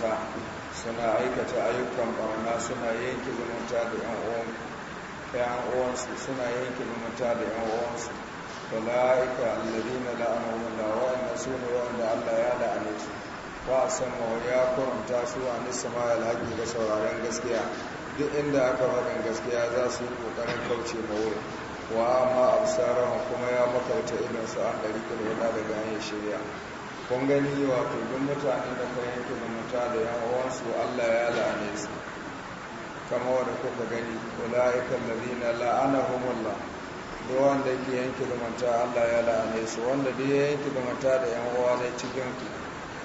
ƙasa suna aikata ayyukan barna suna yanki zumunta da ‘yan uwansu suna yanki zumunta da ‘yan uwansu bala'ika da la'anahum na suna da Allah ya ba su san mawa ya kuranta su a ya lagi da sauraren gaskiya duk inda aka faɗin gaskiya za su yi ƙoƙarin kauce ma wurin wa amma kuma ya makarta idan su an ɗari kilomita daga hanyar shirya kun gani wato duk mutanen da kai yanke mata da yan uwansu Allah ya la'ane su kama wanda kuka gani ulaiikal ladina la'anahumullah duk wanda ke yanke mata Allah ya la'ane su wanda duk ya yanke mata da yan uwa ne cikin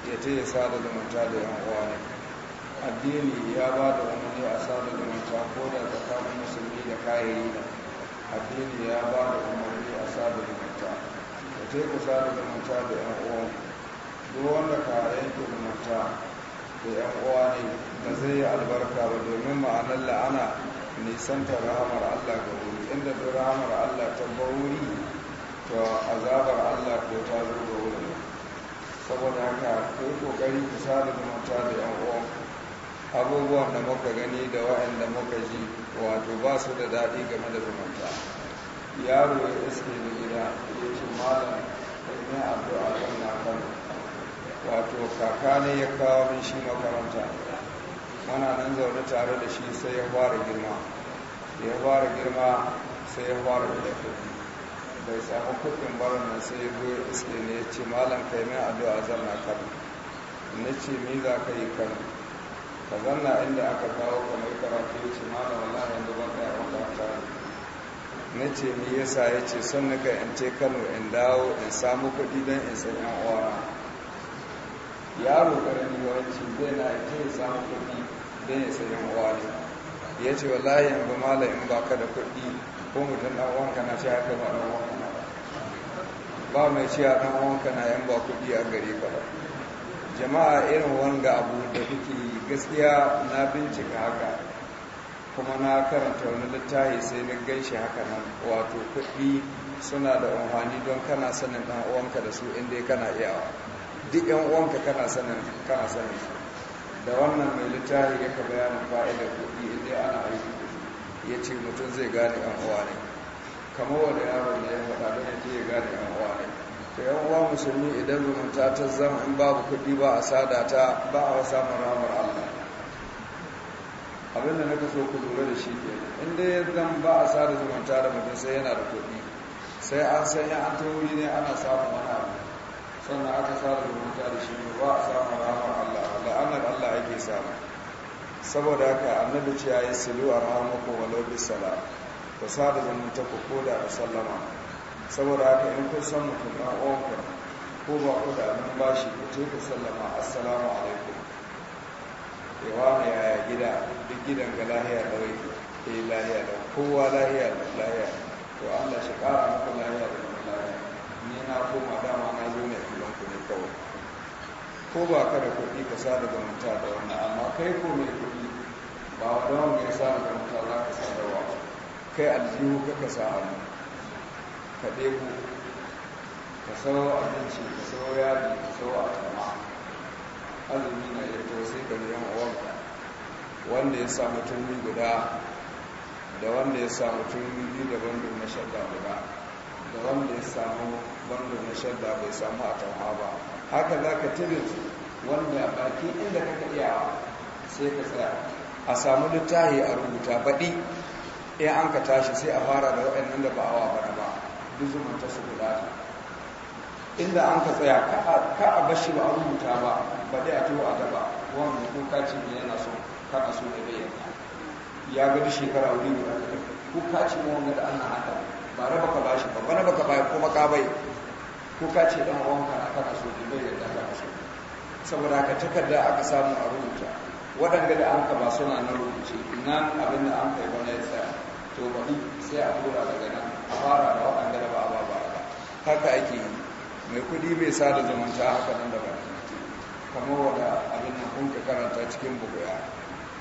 ya ce ya sada mata da yan uwa ne addini ya ba da umarni a sada da mata ko da tsakanin musulmi da kayayi da addini ya ba da umarni a sada da mata ya ce ku sada mata da yan uwanku duk wanda ka yanke zumunta da yan uwa ne da zai yi albarka ba domin ma'anar la'ana nisanta rahamar Allah ga wuri inda duk rahamar Allah ta ba wuri to azabar Allah ko ta zo ga wuri saboda haka ko kokari ku da zumunta da yan uwa abubuwan da muka gani da waɗanda muka ji wato ba su da daɗi game da zumunta yaro ya iske da gida ya ce malam ɗan a kan na kano wato kaka ne ya kawo min shi makaranta ana nan zaune tare da shi sai ya fara girma da ya fara girma sai ya fara da kuɗi bai samu kuɗin barin nan sai ya zo iske ne ya ce malam kai min addu'a zanna kano na ce mi za ka yi kano ka zanna inda aka kawo kamar karatu ya ce malam wallahi yanzu ban kai a makaranta na ce ni yasa ya ce son nika in ce kano in dawo in samu kuɗi don in sai yan uwa yaro karami yawanci zai na ita ya samu kuɗi don ya sayi wani ya ce wa layin ba mala in ba ka da kuɗi ko mutum ɗan wanka na ce haka ba ɗan wanka na ba mai ce ɗan wanka na yan ba kuɗi a gare ka ba jama'a irin wanga abu da kuke yi gaskiya na bincika haka kuma na karanta wani littafi sai na gan shi haka nan wato kuɗi suna da amfani don kana sanin ɗan uwanka da su inda kana iyawa duk yan uwanka kana sanin kana sanin da wannan mai littafi yake bayanin fa'idar kuɗi inda ana aiki ya ce mutum zai gane yan uwa ne kamar wanda yaro ne ya faɗa don yake ya gane yan uwa ne to yan uwa musulmi idan zumunta ta zama in babu kuɗi ba a sada ta ba a wasa maramar Allah abinda na so ku lura da shi ke inda ya zan ba a sada zumunta da mutum sai yana da kuɗi sai an sanya an ta wuri ne ana samun wani abu sannan aka tsara zumunta da shi ba a samu rahama Allah la'anar Allah ake samu saboda haka annabi ce ya yi silu a rahamako walau bisala ku sada zumunta ku koda da sallama saboda haka in kun san mutum ɗan uwanka ko ba ku da nan bashi ku ce ku sallama assalamu alaikum yawa mai yaya gida duk gidan ga lahiya da wai ke eh, lahiya da kowa lahiya da lahiya to Allah shi ƙara muku lahiya da lahiya ni na koma dama na zo ne kawai ko ba ka da kuɗi ka sada zumunta da wani amma kai ko mai kuɗi ba wadda wanda ya da zumunta za ka sa da wa? kai aljihu ka ka sa abu ka ɗebo ka sayo abinci ka sayo yadi ka sayo atama azumi na iya to sai ka biyan wanka wanda ya samu turmi guda da wanda ya samu mutum biyu daban da mashadda guda da wanda ya samu wanda na shadda bai samu a Tauha ba haka za ka tibit wanda a baki inda kaka iya. sai ka tsaya a samu littahi a rubuta baɗi in an ka tashi sai a fara da waɗannan da ba'awa da ba duk zumunta su gudata inda an ka tsaya ka a bashi ba a rubuta ba dai a tuwa a daba wanda ko kaci ne yana so kana so da bayyana ya gadi shekara wuri guda ko kaci ne wanda da an na ba ba raba baka bashi ba wani baka bai kuma ka bai ko ka ce dan wanka aka kaso ki bai yadda aka kaso saboda ka takarda aka samu a rubuta waɗanda da an ka ba suna na rubuce nan abin da an kai wani ya tsaya to bari sai a tura daga nan a fara da waɗanda da ba a ba ba haka ake yi mai kuɗi bai sa da zumunta haka nan da ba kamar wanda abin da kun ka karanta cikin buguya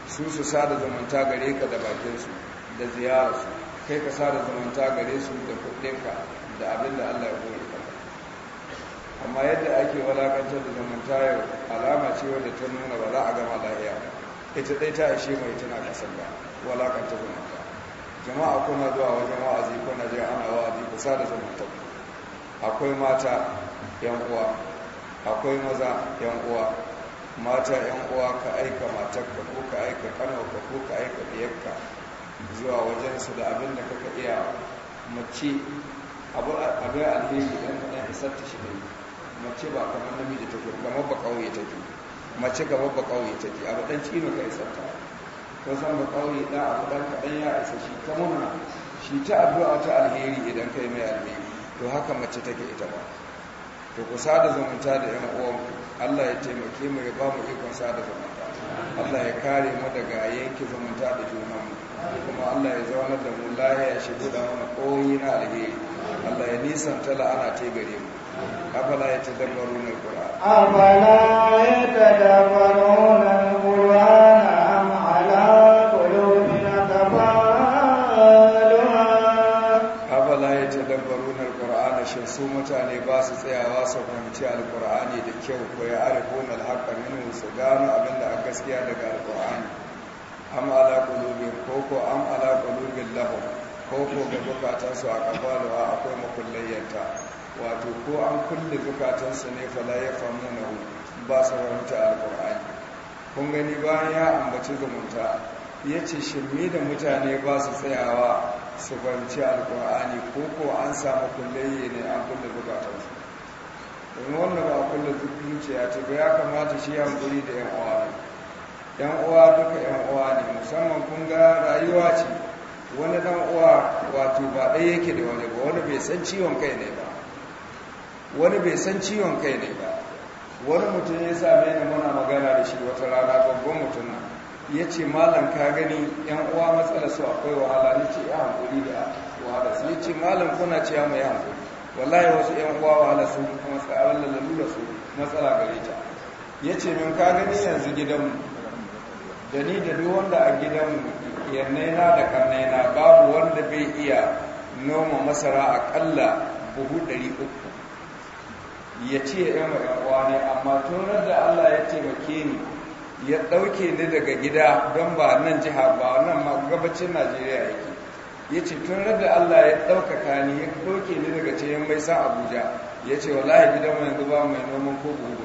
su su sa da zumunta gare ka da bakinsu da ziyararsu kai ka sa da zumunta gare su da kudinka da abin da Allah ya koyi ka amma yadda ake walakantar da zumunta yau alama ce wadda ta nuna ba za a gama lahiya ita dai ta ishe mai tana kasar ba walakantar zumunta jama'a kuna zuwa wajen wa'azi kuna je ana wa'azi ku sa da zumunta akwai mata yan uwa akwai maza yan uwa mata yan uwa ka aika matarka ko ka aika ka ko ka aika biyarka zuwa su da abin da kaka iya mace abu alheri ɗan kaɗan isar ta shi ne mace ba kamar namiji take kamar ba ƙauye ke mace gama ba ƙauye ke abu ɗan cino ka isar ta ko san ba ƙauye ɗan abu ɗan kaɗan ya isa shi ta murna shi ta a ta alheri idan kai mai alheri to haka mace take ita ba to ku sada zumunta da yan uwan Allah ya taimake mu ya ba mu ikon sada zumunta Allah ya kare mu daga yanke zumunta da juna kuma Allah ya zauna da mu lahiya shi da mana koyi na alheri Allah ya nisan nisanta la'ana ta gare mu afala ya tadabbaru na qur'an afala ya tadabbaru na qur'an am ala qulubin aqbaluna afala ya tadabbaru na qur'an shin su mutane ba su tsayawa su fahimci alqur'ani da kyau ko ya arifuna alhaqqa minhu su gano abinda a gaskiya daga alqur'ani am ala qulubin ko ko am ala qulubin lahu ko ko ga bukatun su a a akwai makullayyanta wato ko an kulle bukatun su ne fala ya famuna ba su fahimta alqur'ani kun gani bayan ya ambaci zumunta ya ce shirme da mutane ba su tsayawa su banci alkur'ani ko ko an samu kullayye ne an kulle bukatun su wannan ba kullu zuciya ce ba ya kamata shi hankuri da yan awa yan uwa duka yan uwa ne musamman kun ga rayuwa ce wani dan uwa wato ba ɗaya yake da wani ba wani bai san ciwon kai ne ba wani bai san ciwon kai ne ba wani mutum ya same ni muna magana da shi wata rana babban mutum na ya ce malam ka gani yan uwa matsala su akwai wahala ni ce ya hankuri da wahala su ya ce malam kuna ce ya mai hankuri wallahi wasu yan uwa wahala su kuma tsawon lalura su matsala gare ta ya ce min ka gani yanzu gidanmu da ni da duk wanda a gidan yannaina da karnaina babu wanda bai iya noma masara akalla buhu ɗari uku ya ce ya yi ne amma tunar da allah ya taimake ni ya ɗauke ni daga gida don ba nan jiha ba nan ma gabacin najeriya yake ya ce tunar da allah ya ɗaukaka ni ya ɗauke ni daga cikin mai sa abuja ya ce wallahi gidan mai zuba mai noman ko buhu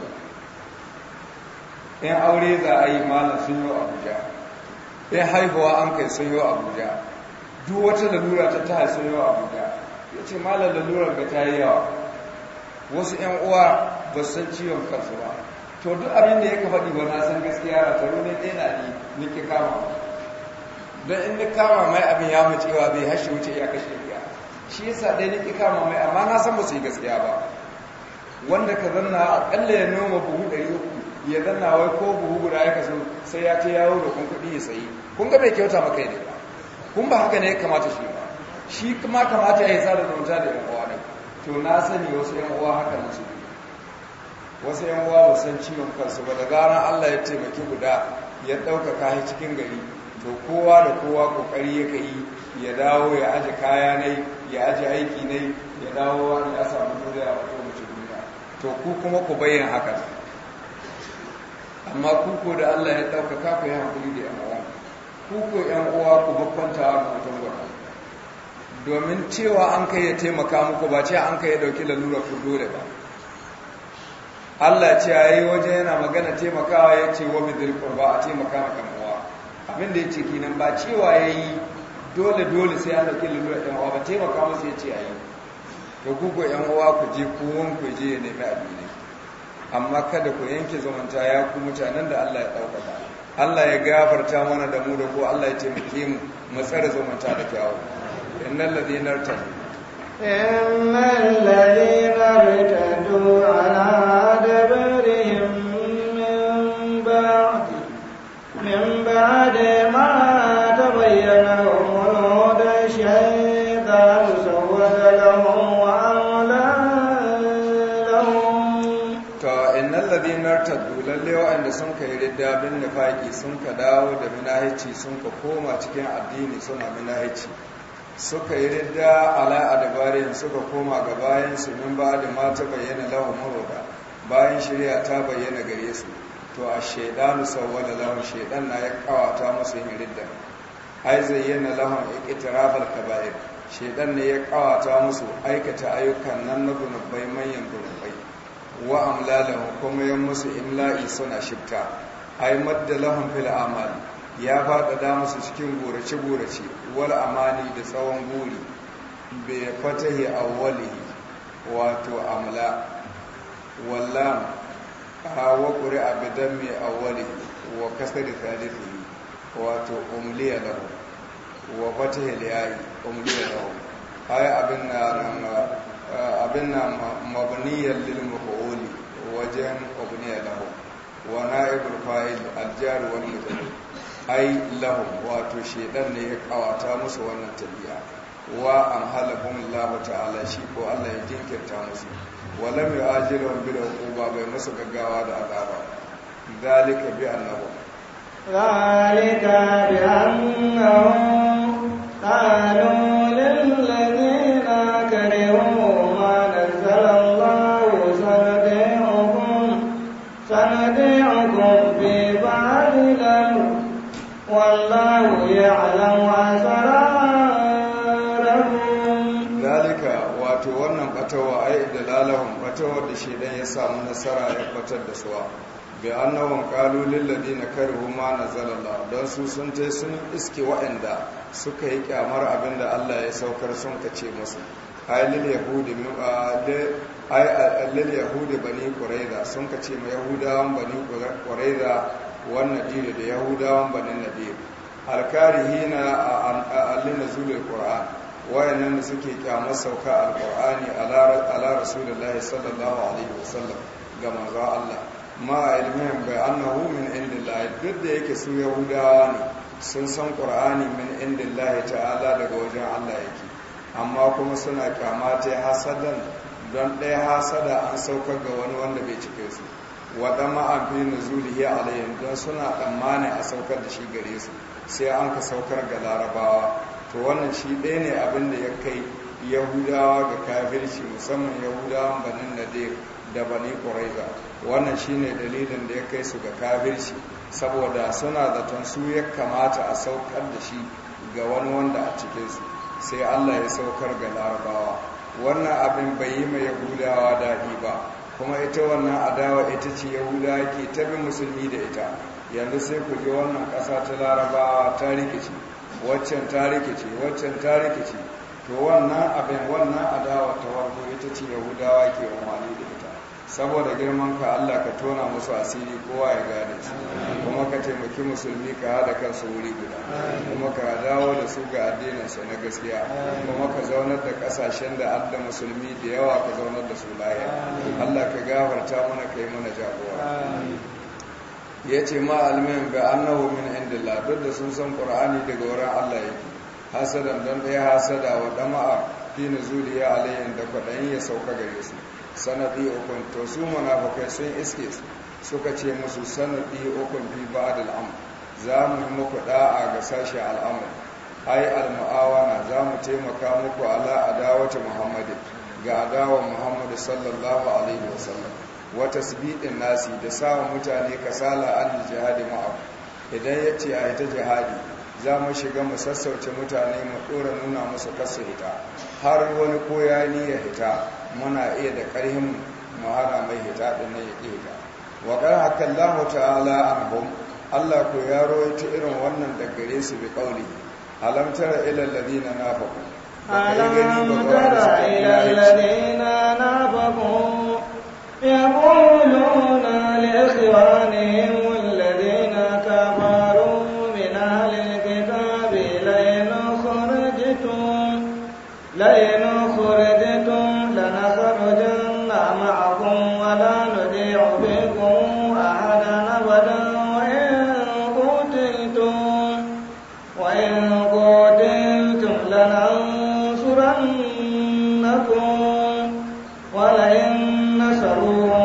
in aure za a yi malam sun yi abuja in haihuwa an kai sun yi abuja duk wata lalura ta ta sun yi abuja ya ce malam lalurar ga ta yi yawa wasu yan uwa ba san ciwon kansu ba to duk abin da ya ka faɗi ba na san gaskiya ba taro ne ɗaya na ni nike kama don in ni kama mai abin ya macewa bai hashe wuce ya kashe biya shi yasa ɗaya nike kama mai amma na san ba su yi gaskiya ba wanda ka zanna a ƙalla ya noma buhu ɗari uku ya zanna wai ko buhu guda ya kasu sai ya ce yawo da kun kuɗi ya sayi kun ga bai kyauta maka ne ba kun ba haka ne ya kamata shi ba shi kuma kamata ya yi da zumunta da yan uwa ne to na sani wasu yan uwa haka na su wasu yan uwa ba san ciwon kansu ba da gara Allah ya taimaki guda ya ɗaukaka shi cikin gari to kowa da kowa kokari ya yi ya dawo ya aje kaya ne ya aje aiki ne ya dawo ya samu duniya wato mace duniya to ku kuma ku bayyana haka amma kuko da Allah ya ɗaukaka ku yi hankali da yawa kuko yan uwa ku bakwanta a mutum gwada domin cewa an kai ya taimaka muku ba ce an kai ya ɗauki lalura ku dole ba Allah ce yayi yi wajen yana magana taimakawa ya ce wa midil ba a taimaka ma kan uwa abin da ya kinan ba cewa yayi yi dole dole sai an ɗauki lalura ɗan uwa ba taimaka musu ya ce a yi to kuko yan uwa ku je ku wanku je ya nemi abin amma kada ku yanke zumunta ya ku mutanen da Allah ya ɗaukaka Allah ya gafarta mana da mu da ko Allah ya taimake mu mu tsare zumunta da kyawu innal ladina tar innal ladina ala adabi lalle waɗanda sun ka yi ridda bin nufaki sun ka dawo da minahici sun ka koma cikin addini suna minahici suka yi ridda ala adabarin suka koma ga bayan su min ba da mata bayyana lahun maroda bayan shirya ta bayyana gare su to a shaidanu da lahun shaidan na ya kawata musu yin ridda ai zayyana lahun ikitirafar kaba'ir shaidan ne ya kawata musu aikata ayyukan nan na gunubbai manyan gunubbai wa amlalahum kuma yan musu imla'i suna shifta ai madda lahum fil amal ya da musu cikin gurace gurace wal amani da tsawon guri bai fatahi awwalihi wato amla wallam a wa qur'a mai dammi awwalihi wa da thalithihi wato umliya lahu wa fatahi liyayi umliya lahu hu abin na abin na mabniyan lil maf'ul wajen ya lahu wa na'ibul fa'il aljar wal mutali ai lahu wato shedan ne ya kawata musu wannan tabiya. wa an amhalahum Allah ta'ala shi ko Allah ya jinkirta musu wa lam yu'ajilhum bil uquba bai musu gaggawa da azaba zalika bi lahu. zalika bi annahum qalu atawa ai da lalahun batawar da shedan ya samu nasara ya kwatar da suwa bi annahum ladi na kari huma na zalala don su sun ce sun iske wa'anda suka yi kyamar abin da Allah ya saukar sun kace masu ai lil yahudi bani kuraida sun kace ma yahudawan bani kuraida wannan nadir da yahudawan bani nadir na a alina zulul qur'an wayannan da suke kyamar sauka alqur'ani ala rasulullahi sallallahu alaihi wasallam ga manzo Allah ma ilmihim bai annahu min indillahi duk da yake su yahudawa ne sun san qur'ani min indillahi ta'ala daga wajen Allah yake amma kuma suna kyamata hasadan don ɗaya hasada an sauka ga wani wanda bai cike su waɗa na nuzulihi alayhim don suna tsammanin a saukar da shi gare su sai an ka saukar ga larabawa to wannan shi ɗaya ne abin da ya kai yahudawa ga kafirci musamman yahudawan banin nadir da bani ƙuraiza wannan shi ne dalilin da ya kai su ga kafirci saboda suna zaton su ya kamata a saukar da shi ga wani wanda a cikinsu sai allah ya saukar ga larabawa wannan abin bai yi mai yahudawa daɗi ba kuma ita wannan adawa ita ce yahudawa ke tabi musulmi da ita yanzu sai ku ji wannan ƙasa ta larabawa ta rikici waccan ta rikice waccan ta rikice to wannan abin wannan adawa ta warko ita ce yahudawa ke umarni da ita saboda girman ka Allah ka tona musu asiri kowa ya gane su kuma ka taimaki musulmi ka hada kansu wuri guda kuma ka dawo da su ga addininsu na gaskiya kuma ka zaunar da kasashen da adda musulmi da yawa ka zaunar da su laya Allah ka gafarta mana kai mana jagora ya ce ma almin ga annahu min indillah duk da sun san qur'ani daga wurin Allah yake hasadan dan ɗaya hasada wa dama'a fi nuzuli ya da kwaɗayin ya sauka gare su sanadi ukun to su munafikai sun iske su suka ce musu sanadi ukun bi da al'amr za mu yi muku da'a ga sashi al'amur. ai al-mu'awana za mu taimaka muku ala adawati muhammadin ga adawa muhammadu sallallahu alaihi wasallam wata sibidin nasi da samun mutane kasala an jihadi ma'a idan ya ce a ita jihadi za mu shiga mu sassauce mutane mu ɗora nuna musu kasu hita har wani koya ni ya hita muna iya da ƙarhin mu mai hita da na ya ƙeta wa ƙar haka ta'ala an hum Allah ko ya ta irin wannan da gare su bi ƙauli alam ilal ladina nafaqu Ladina nafaqu يقولون لإخوانهم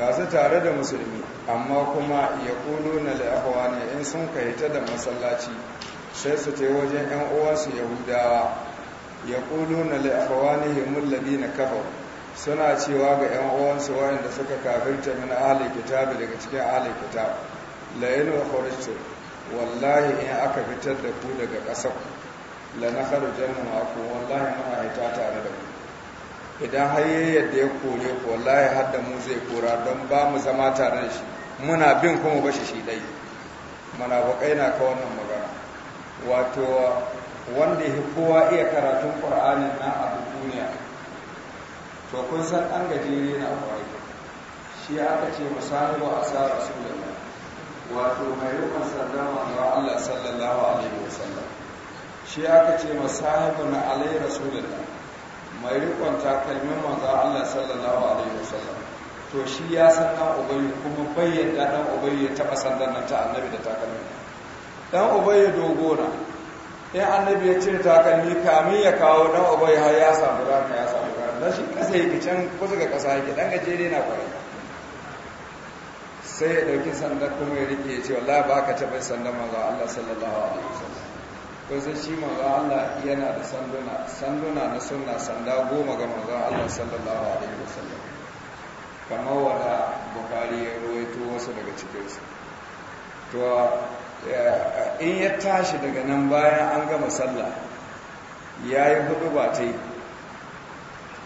ga su tare da musulmi amma kuma ya kulu na la'ahawa ne in sun kahita da masallaci sai su ta wajen yan uwansu yahudawa ya kulu na la'ahawa ne himullabi na kafa suna cewa ga yan uwansu wayanda suka kafirta min ahli kitabi daga cikin ahli kitab la in kharajtu wallahi in aka fitar da ku daga ƙasar la nakhrujanna ma'akum wallahi muna hita tare da ku idan har yadda ya kore ku wallahi har da mu zai kora don ba mu zama tare shi muna bin kuma ba shi shi dai munafiqai na ka wannan magana wato wanda ya kowa iya karatun qur'anin na a duniya to kun san an ne na kwari shi aka ce su da rasulullah wato mai rukun sallama ga Allah sallallahu alaihi wasallam shi aka ce na alai rasulullah mai rikonta takalmin manzan Allah sallallahu alaihi wasallam to shi ya san dan ubayi kuma bayyana dan ubayi ya taba sandan nan ta annabi da takalmin dan ubayi dogona in annabi ya cire takalmi kamin ya kawo dan ubayi har ya samu ranka ya samu ranka dan shi kasa yake can kusa ga kasa yake dan gajere na kwarai sai ya dauki sandan kuma ya rike ya ce wallahi baka taba sandan manzan Allah sallallahu alaihi wasallam kusan shi manzo Allah yana da sanduna sanduna na sunna sanda goma ga manzo Allah sallallahu alaihi wasallam kamar wanda Bukhari ya ruwaito wasu daga cikinsu. to eh, in ya tashi daga nan bayan an gama sallah yi hudu ba ta yi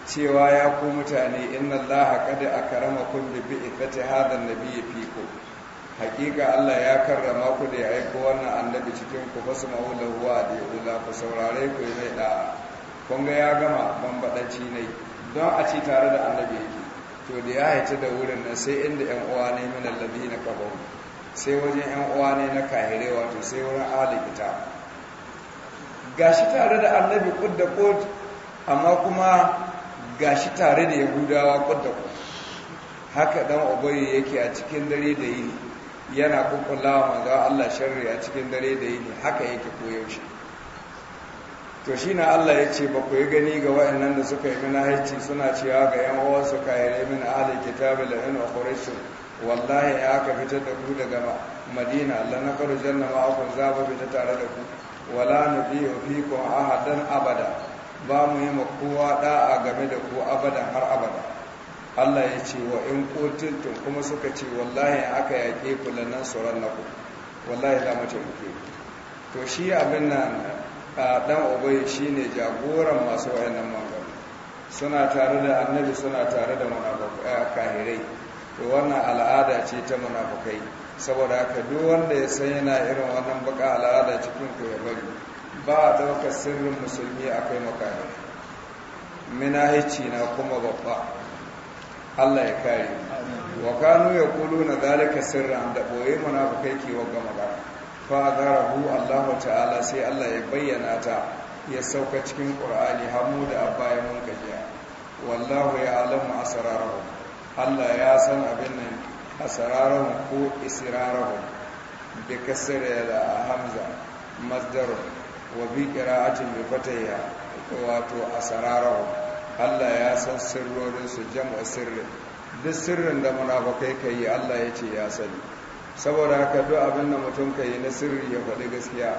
cewa ya ku mutane inna Allah qad akramakum bi ifati hadan nabiyyi fiku hakika Allah ya karrama ku da ya aiko wannan annabi cikin ku fasu ma'ula wa da ku saurare ku mai da kun ga ya gama bambadanci ne don a ci tare da annabi yake to da ya haita da wurin nan sai inda yan uwa ne min na kaba sai wajen yan uwa ne na kahire wato sai wurin ahli Ga gashi tare da annabi kudda kod amma kuma gashi tare da yahudawa kudda kod haka dan ubayi yake a cikin dare da yini yana kukullawa manzan Allah sharri a cikin dare da yini haka yake koyaushe to shi na Allah ya ce ba ku yi gani ga wa'annan da suka yi mina haici suna cewa ga yan uwansu kayare min ahalin kitabu da in ukhrijtu wallahi ya aka fitar da ku daga madina Allah na karu janna ma akun za tare da ku wala nabiyu fikum ahadan abada ba mu yi makowa da'a game da ku abada har abada Allah ya ce wa in kotuntun kuma suka ce wallahi aka yaƙe ku nan sauran na ku wallahi za mu muke to shi abin nan dan obai shi ne jagoran masu wayannan magana suna tare da annabi suna tare da kahirai to wannan al'ada ce ta munafukai saboda haka duk wanda ya san yana irin wannan baka al'ada cikin ku ya bari ba a ɗaukar sirrin musulmi akwai kai makarai minahici na kuma babba Allah ya kare wa kanu na zalika sirran da boye munafikai ke wa magana fa azarahu Allah ta'ala sai Allah ya bayyana ta ya sauka cikin qur'ani mu da abaya mun gajiya. wallahu ya ya'lamu asrarahum Allah ya san abin nan asrarahum ko israrahum bi kasra da hamza masdar wa bi qira'atin bi fatayya wato asrarahum Allah ya san sirrorinsu jam'a sirrin duk sirrin da munafakai ka yi Allah ya ce ya sani saboda haka duk abin da mutum ka yi na sirri ya faɗi gaskiya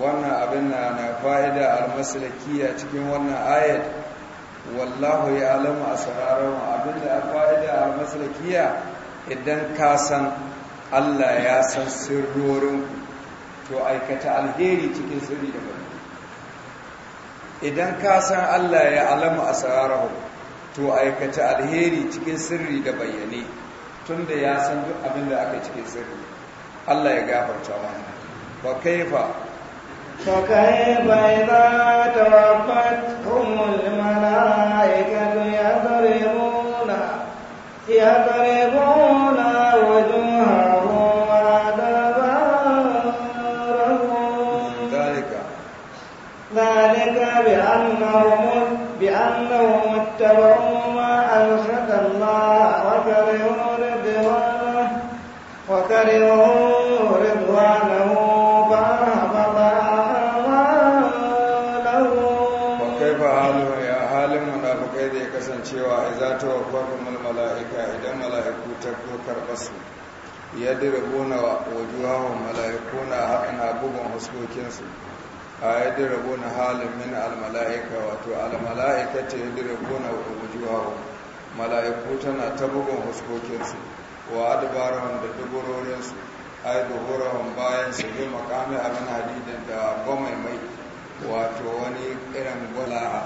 wannan abin na na fa'ida almasalakiya cikin wannan ayat wallahu ya alamu a sararun abin da fa'ida almasalakiya idan ka san Allah ya san sirrorinku to aikata alheri cikin sirri da faɗi idan ka san Allah ya alamu asrarahu to aikata alheri cikin sirri da bayyane tunda ya san duk abin da aka cikin sirri Allah ya gafarta mana wa kaifa فكيف إذا توفتهم ya zare يضربون بأنهم, بأنهم اتبعوا ما ألحد الله وكرهوا رضوانه وكرهوا رضوانه فأحبط أعمالهم وكيف حالهم يا حال المنافقين da ya kasancewa iza ta wakwafin mala'ika idan mala'iku ta karɓar su ya dirbo na wajuwa wa mala'iku na bugun huskokinsu a yadda rabu na halin min almala'ika wato almala'ika ta yadda rabu na wujuwa mala'iku tana ta bugun huskokinsu wa adabarahun da duburorinsu ai duburahun bayan su yi makami abin hadidin da goma mai wato wani irin gwala'a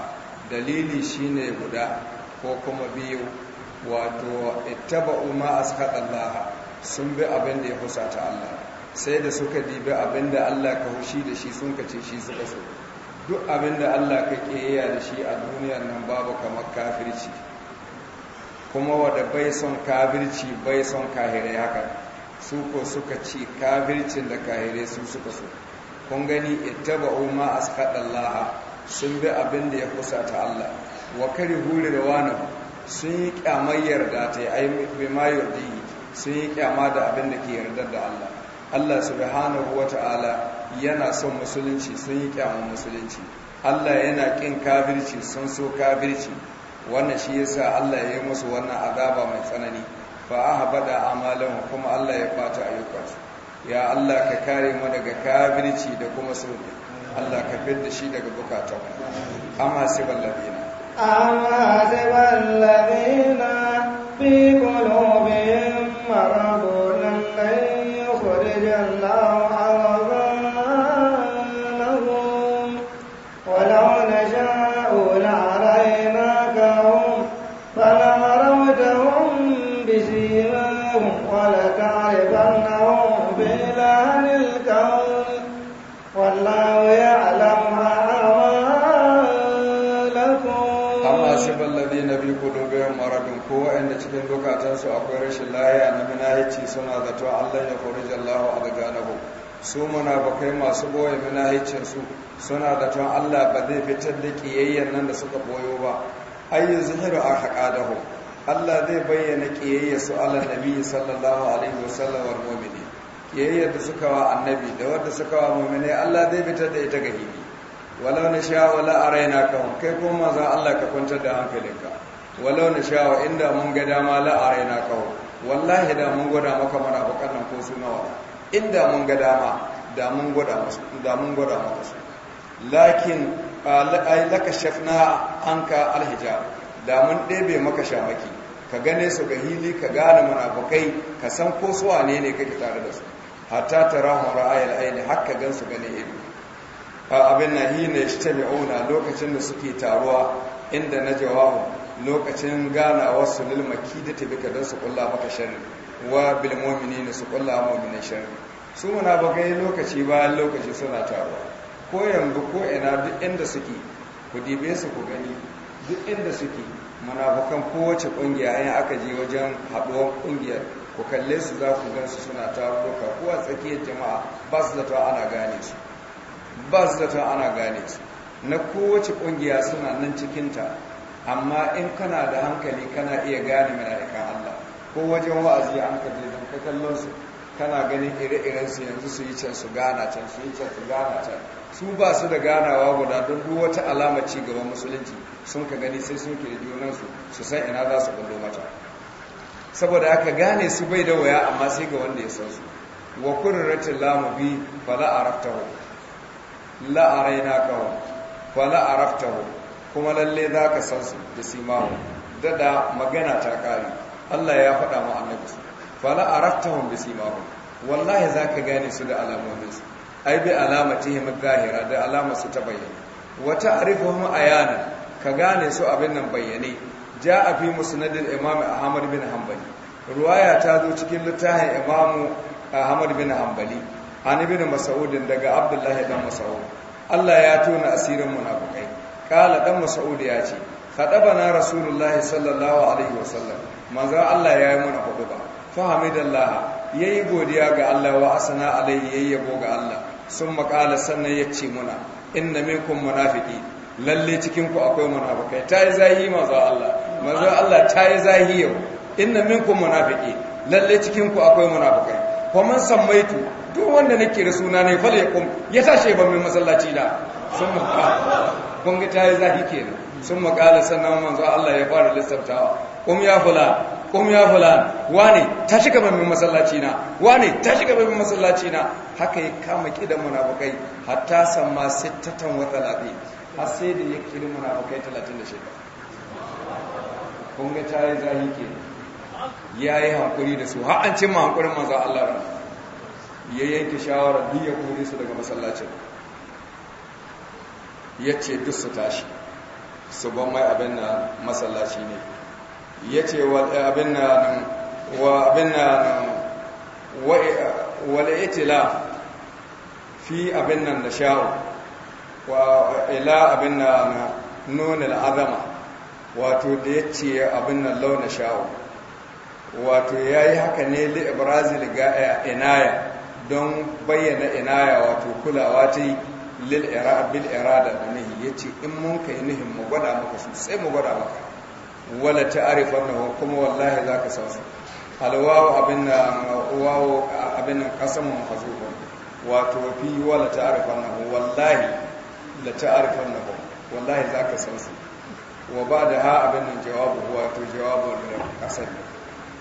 dalili shi ne guda ko kuma biyu wato ittaba umma asqata Allah sun bi abin da ya husata Allah sai da suka dibi abinda Allah ka hushi da shi sun ce shi suka so duk abinda Allah ka keya da shi a duniyar nan babu kamar kafirci kuma wanda bai son kafirci bai son kahirai haka su ko suka ci kafircin da kahirai sun suka so kun gani ittaba'u ma asqatallaha sun bi abinda ya kusa ta Allah wa karihu ridwanahu sun yi kyamayyar da ta yi ai bi ma yurdi sun yi kyama da abinda ke yarda da Allah Allah subhanahu wa ta'ala yana son musulunci sun yi kyamun musulunci Allah yana ƙin kafirci sun so kafirci wannan shi yasa Allah ya yi musu wannan azaba mai tsanani fa bada amalan kuma Allah ya fata ayyukansu ya Allah ka kare mu daga kafirci da kuma so Allah ka fidda shi daga bukata amma sai ballabina amma sai ballabina fi qulubihim maradun qulubihim maradun ko wa'anda cikin zukatansu akwai rashin lahiya na minahici suna zato Allah ya furija Allahu adganahu su munafikai masu boye minahicin su suna zaton Allah ba zai fitar da kiyayyen nan da suka boyo ba ayyu zuhiru ahqadahu Allah zai bayyana kiyayya su allah nabi sallallahu alaihi wasallam wal mu'minin kiyayya da suka wa annabi da wanda suka wa mu'mini Allah zai fitar da ita ga hibi walau na sha wala araina kan kai kuma manzon Allah ka kwantar da hankalinka walau na wa inda mun ga dama la'arai na kawo wallahi da mun gwada maka mana bakar nan ko su nawa inda mun ga dama da mun gwada maka su lakin ai laka shafna an ka alhijab da mun ɗebe maka shamaki ka gane su ga hili ka gane munafukai ka san ko su wane ne kake tare da su hatta tarahum ra'ayil aini hakka gan su gane ido abin na ta yajtami'una lokacin da suke taruwa inda na jawabu lokacin gana wasu lilmaki da ta bika don su kulla maka sharri wa bilmomini ne su kulla mu'minai sharri su yi lokaci bayan lokaci suna taruwa ko yanzu ko ina duk inda suke ku dibe su ku gani duk inda suke muna bakan kowace kungiya in aka je wajen haɗuwar kungiyar ku kalle su za ku gansu suna taruwa ko a tsakiyar jama'a ba su zata ana gane su ba su zata ana gane su na kowace kungiya suna nan cikinta amma in kana da hankali kana iya gane mala'ikan Allah ko wajen wa'azi an ka je don ka kallon su kana ganin ire-iren su yanzu su yi can su gana can su yi can su gana can su ba su da ganawa guda don duk wata alama ci gaban musulunci sun ka gani sai sun kiri junan su su san ina za su bullo mata saboda haka gane su bai da waya amma sai ga wanda ya san su wa kurratin lamu bi fala araftahu la araina ka wa fala araftahu kuma lalle za ka san su da simawa dada magana ta kare Allah ya faɗa ma annabi su fala araftahum bi simawa wallahi za ka gane su da alamomin su ai bi alamatihim zahira da alama su ta bayyana wa ta'rifuhum ayana ka gane su abin nan bayyane ja'a fi musnadil imam ahmad bin hanbali ruwaya ta zo cikin littafin imam ahmad bin hanbali an ibn mas'ud daga abdullah dan mas'ud Allah ya tona asirin munafiq kala dan mas'ud ya ce na rasulullahi sallallahu alaihi wasallam manzo Allah ya yi mana huduba fa hamidallah yayi godiya ga Allah wa asana alaihi yayi yabo ga Allah sun makala sannan ya ce muna inna minkum munafiqi lalle cikin ku akwai munafikai tayi zahi manzo Allah manzo Allah tayi zahi yau inna minkum munafiqi lalle cikin ku akwai munafikai kuma sammaitu duk wanda nake da suna ne fal yakum ya tashi ban mai masallaci da sun makala kun ga ta yi zahi kenan sun makala sannan manzo Allah ya fara lissaftawa kum ya fula kum ya fula wane ta shiga babin masallaci na wane ta shiga babin masallaci na haka ya kama kidan munafukai hatta ma sittatan wa talabi har sai da ya kiri munafukai 36 kun ga ta yi zahi ke ya yi hankuri da su har an cimma hankurin manzo Allah ya yanke shawarar duk ya kore su daga masallacin ya ce duk su tashi su ban mai abin na masallaci ne ya ce abin na wale ya ce la fi abin nan da sha'o wa ila abin na nuna al'adama wato da ya ce abin nan launa sha'o wato ya yi haka ne li brazil ga eh, inaya don bayyana inaya wato kulawa ta yi lil bil irada da nahi ce in mun ka yi nihin mu gwada maka su sai mu gwada maka wala na wa kuma wallahi zaka san su alwawu abin wawu abin qasamun mazubun wato fi wala ta'rifanna wallahi la ta'rifanna wallahi zaka san su wa ba da ha abin da jawabu wato jawabu da jawabun asali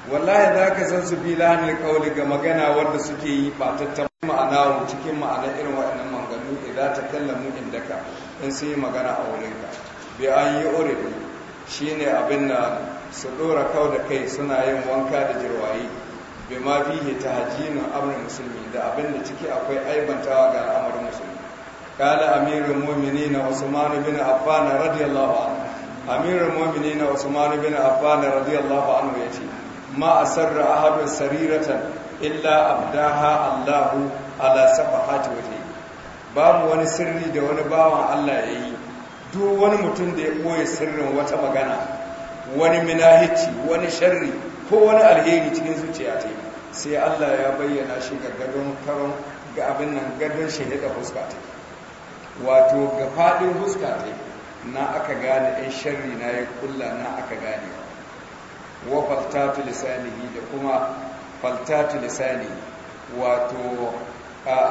wallahi za ka san su fi lahanin kauli ga magana wanda suke yi ba ta ma'ana cikin ma'ana irin waɗannan manganu idan ta kallamu inda ka in sun yi magana a ka. bi an yi uridu shi ne abin da su ɗora kau da kai suna yin wanka da jirwaye bi ma fihe ta hajjinin amurin musulmi da abin da ciki akwai aibantawa ga al'amarin musulmi kala amirin mumini na usmanu bin affan radiyallahu anhu amirin mumini na usmanu bin affan radiyallahu anhu ya ce ma asarra ahadun sariratan illa abdaha Allahu ala safahati waje babu wani sirri da wani bawan Allah ya yi duk wani mutum da ya ɓoye sirrin wata magana wani minahici wani sharri ko wani alheri cikin zuciya ta sai Allah ya bayyana shi ga gadon karon ga abin nan gadon shahida fuska ta wato ga faɗin fuska ta na aka gane ɗan sharri na ya kulla na aka gane wa faltatu lisanihi da kuma faltatu lisani wato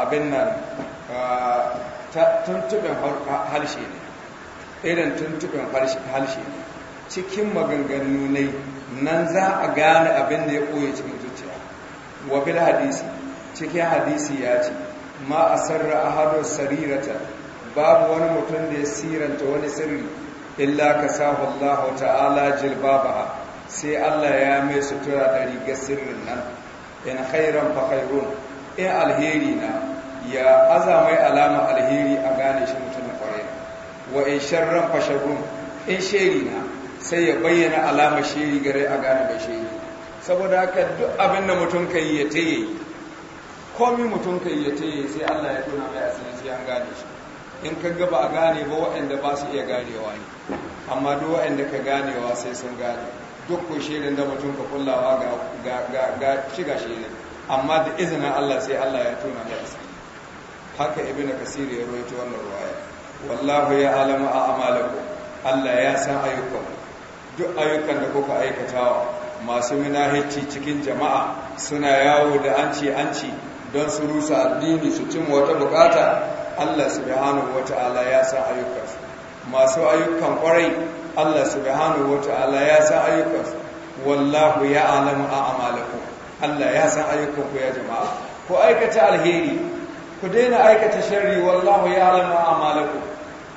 abin nan tuntuɓin harshe ne irin tuntuɓin harshe ne cikin maganganu ne nan za a gane abin da ya ɓoye cikin zuciya wa bil hadisi cikin hadisi ya ce ma a sarra ahadun sarirata babu wani mutum da ya siranta wani sirri illa ka sahu Allah ta'ala jilbabaha sai Allah ya mai sutura da rigar sirrin nan in khairan fa khairun in alheri na ya azamai alama alheri a gane shi mutum na kwarai wa in sharran fa sharrun in sheri na sai ya bayyana alama sheri gare a gane mai sheri saboda haka duk abin da mutum kai ya taye komi mutum kai ya taye sai Allah ya tuna mai asiri sai an gane shi in ka gaba a gane ba waɗanda ba su iya ganewa ne amma duk waɗanda ka ganewa sai sun gane duk ko shirin da mutum ka kullawa ga shiga shirin amma da izinin Allah sai Allah ya tona da asiri haka ibnu kasir ya rawaito wannan ruwaya wallahu ya alamu a amalaku Allah ya san ayyukan duk ayyukan da kuka aikatawa masu minahici cikin jama'a suna yawo da anci anci don su rusa addini su cin wata bukata Allah subhanahu wata'ala ya san ayyukansu masu ayyukan kwarai Allah subhanahu ta'ala ya san su wallahu ya alamu a amalaku Allah ya san ayyukan ku ya jama'a ku aikata alheri ku daina aikata sharri wallahu ya alamu a amalaku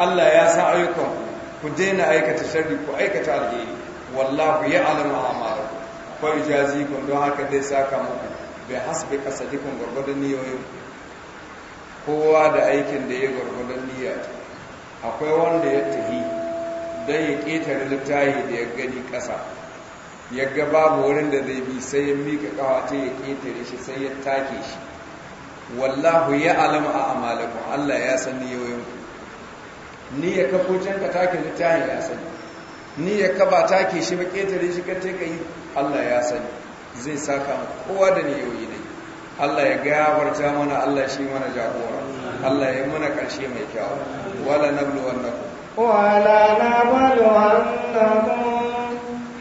Allah ya san ayyukan ku daina aikata sharri ku aikata alheri wallahu ya alamu a amalaku ku ijazi kun don haka dai saka muku bai hasbe kasadikun gwargwadon niyoyin kowa da aikin da ya gwargwadon niyya akwai wanda ya tahi don ya ƙetare littahi da ya gani ƙasa ya ga babu wurin da zai bi sai ya mika ƙawata ya ƙetare shi sai ya take shi wallahu ya alama a amalaku allah ya san niyoyinku ni ya kafo can ka take littahi ya sani ni ya kaba take shi ba ƙetare shi ka teka yi allah ya sani zai saka kowa da ni yi ne allah ya gabarta mana allah shi mana jagora allah ya mana ƙarshe mai kyau wala nablu ولنبلونكم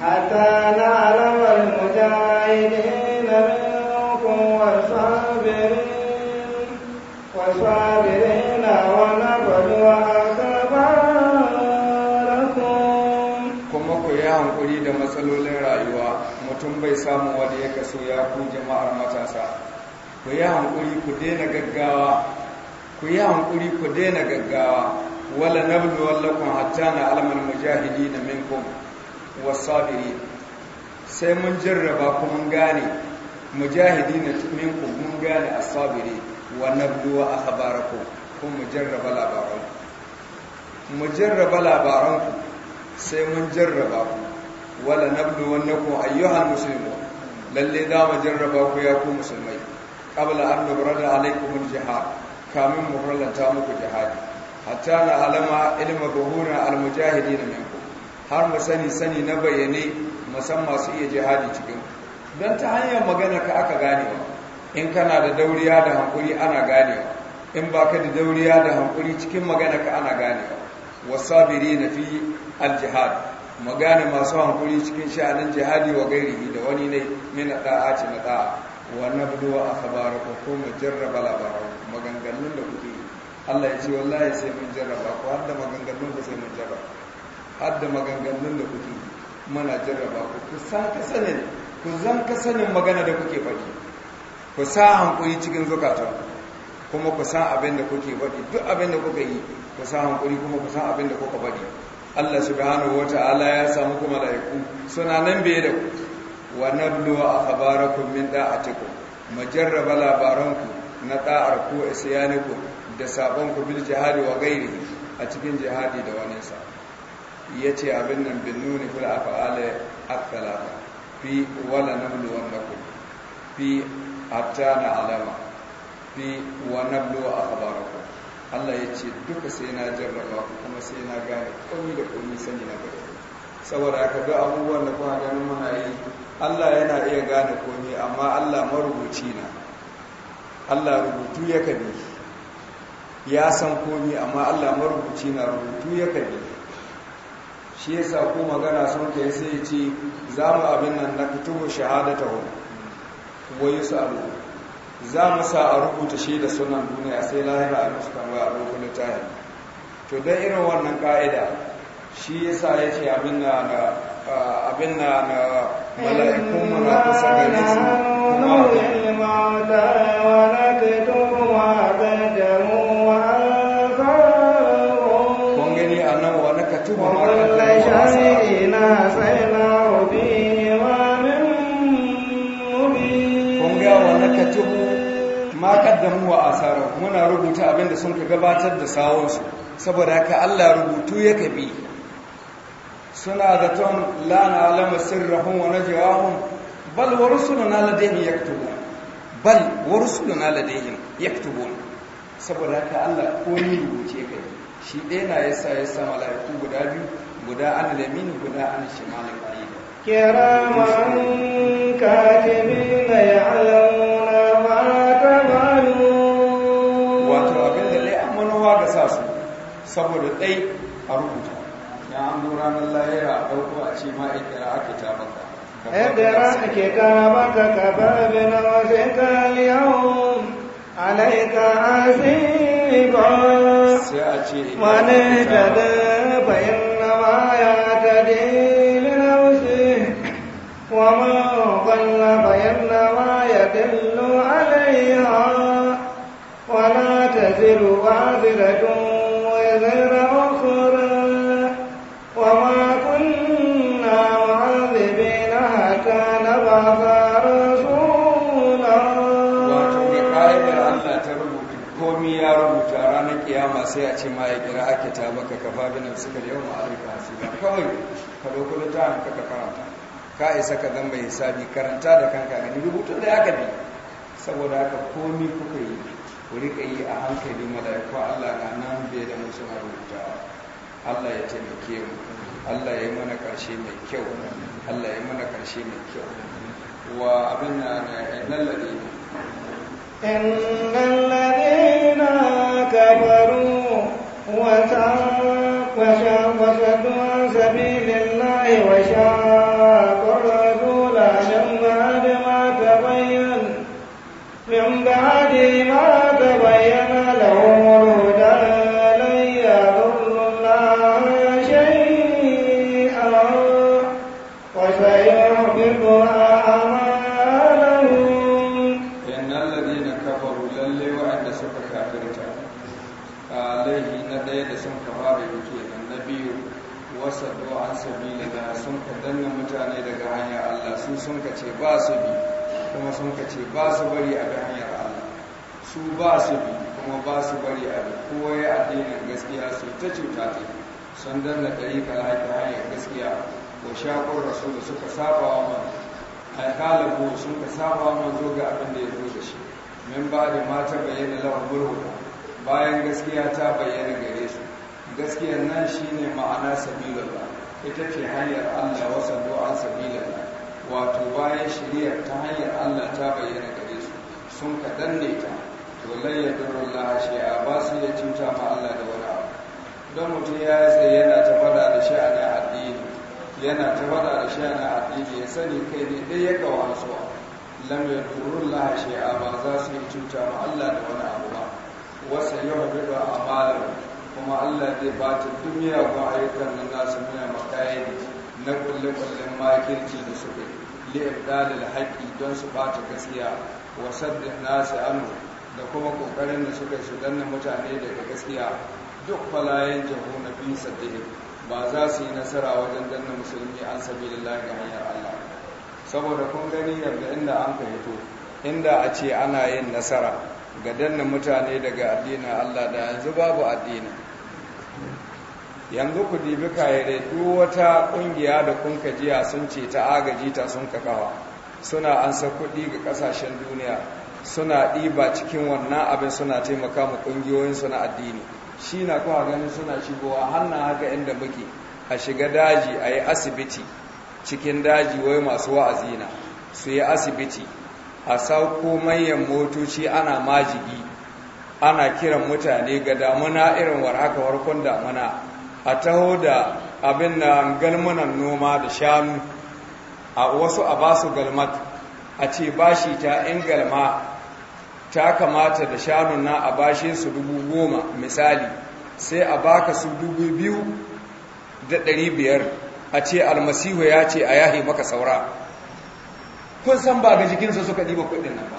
حتى نعلم المجاهدين منكم والصابرين والصابرين ونبلو kuma ku yi da matsalolin rayuwa mutum bai samu wanda ya kaso ya ku jama'ar matasa ku yi hankuri ku daina gaggawa ku yi hankuri ku daina gaggawa wala nabdu wallakum hatta na alamal mujahidin minkum wasabiri sai mun jarraba ku mun gane mujahidin minku mun gane asabiri wa nabdu wa akhbarakum ko mu jarraba labaran mu jarraba labaran sai mun jarraba ku wala nabdu wannakum ayyuhal muslimun lalle za mu jarraba ku ya ku musulmai qabla an nubrada alaykum al-jihad kamin mu rallanta muku jihadi hatta na halama ilma buhuna almujahidi na minku har mu sani sani na bayyane musamman su iya jihadi cikin don ta hanyar magana ka aka gane in kana da dauriya da hankuri ana gane ba in baka da dauriya da hankuri cikin magana ka ana gane ba wasabiri na fi aljihad magana masu hankuri cikin sha'anin jihadi wa gairihi da wani ne mina da'a ce na da'a wa nabdu wa akhbarakum jarraba labaran maganganun da ku Allah ya ce wallahi sai mun jarraba ku har da maganganun da sai mun jarraba har da maganganun da kuke mana jarraba ku ku san ka sanin ku zan ka sanin magana da kuke faɗi ku sa hankuri cikin zukatan kuma ku san abin da kuke faɗi duk abin da kuka yi ku sa hankuri kuma ku san abin da kuka faɗi Allah subhanahu wata'ala ya samu kuma mala'iku suna nan biye da ku wa nabluwa akhbarakum min da'atikum jarraba labaranku na da'ar ku isyanikum da sabon kubil jihadi wa gairi a cikin jihadi da sa ya ce abin nan bin nuni fa'ala a akalafa fi wala na wanda ku. fi hatta na alama fi wa kabara ku. Allah ya ce duka sai na jarraba ku kuma sai na gane komai da komai sani na gari saboda aka bi abubuwan da kuma ganin muna yi Allah yana iya gane komai amma Allah marubuci na Allah rubutu ya kabi ya san komi amma Allah marubuci na rubutu ya kai shi yasa ko magana sun kai sai ya ce za mu abin nan na kutubu shahadatahu wa yus'alu za mu sa a rubuta shi da sunan duniya sai lahira a muskan wa ta littafi to don irin wannan ka'ida shi yasa ya ce abin na abin na na mala'iku mana kusa gare su kuma kun muna rubuta abinda sun ka gabatar da sawunsu saboda haka allah rubutu ya kabi suna da ton lana alama sirrahun wa najawahun bal wa rusuluna ladayhim yaktubun bal wa rusuluna ladayhim yaktubun saboda haka Allah ko ni rubuce yi, shi ɗaya na yasa ya sa mala'iku guda biyu guda an lamini guda an shimalin ƙarida kiraman katibi na ba ta tamalu wato abin da lai an manowa ga sa su saboda ɗai a rubuta ya an zo ranar lahira a ɗauko a ce ma ikira aka ta maka اقرأ كتابك كفى بنفسك اليوم alaika asiba wani tada bayan nama ya tade linausi wa ma kwalla bayan nama ya وزر أخرى وما كنا معذبين حتى نبعث ya rubuta ranar kiyama sai a ce ma ya kira ake ta baka kafa bin suka da yawan ma'arika su ga kawai ka ɗauko da ta hanka ka karanta ka isa ka zama mai hisabi karanta da kanka gani rubutun da ya gani saboda haka komi kuka yi ku rika yi a hankali mala'iku Allah na nan bai da musu na rubuta Allah ya taimake mu Allah ya yi mana karshe mai kyau Allah ya yi mana karshe mai kyau wa abin na na eh, eh, lallade إن ne كفروا وصدوا عن سبيل الله وشاقوا su sun ce ba su bi kuma sun ce ba su bari a hanyar Allah su ba su bi kuma ba su bari a bi kowa ya addinin gaskiya su ta cuta ta sun danna ka lafi hanyar gaskiya ko shakon rasu da suka saba wa man ko sun ka saba wa man zo ga abin da ya zo da shi min ba da mata bayyana lawan burhuda bayan gaskiya ta bayyana gare su gaskiyar nan shine ma'ana sabilallah ita ce hanyar Allah wasan do'an sabilallah wato bayan shirya ta hanyar Allah ta bayyana gare su sun ka danne ta to lai ya dora Allah a ba su ya cuta ma Allah da wani abu don mutum ya tsaye yana ta faɗa da sha'anin addini yana ta faɗa da sha'anin addini ya sani kai ne ɗaya ya kawo hasuwa lam ya dora Allah ba za su yi cuta ma Allah da wani abu ba wasu yau da amalar kuma Allah zai ba ta duniya ba ayyukan nan nasu muna makayi na kulle-kullen makirci da suka da ibdalil haqqi don su bata gaskiya wa sadda nasu anu da kuma kokarin da suka su danna mutane daga gaskiya duk falayen jahu na fi saddihi ba za su yi nasara wajen danna musulmi an sabilillah ga hanyar Allah saboda kun gani yadda inda an fahimto inda a ce ana yin nasara ga danna mutane daga addinin Allah da yanzu babu addinin yanzu ku dibi kayarai duk wata kungiya da kun kajiya sun ce ta agaji ta sun kakawa suna ansa kuɗi ga ƙasashen duniya suna ɗiba cikin wannan abin suna taimaka mu ƙungiyoyin na addini shi na kuma ganin suna shigowa hannun haka inda muke a shiga daji a yi asibiti cikin daji wai masu wa'azi na su yi asibiti a sauko manyan motoci ana majigi ana kiran mutane ga damuna irin warakawar warkon damuna a taho da abin na galmunan noma da shanu a wasu a basu galmat a ce bashi ta in galma ta kamata da shanu na a bashe su dubu goma misali sai a baka su dubu biyu da ɗari biyar a ce almasihu ya ce a yahi maka saura kun san ba ga jikinsa suka ɗiba kuɗin nan ba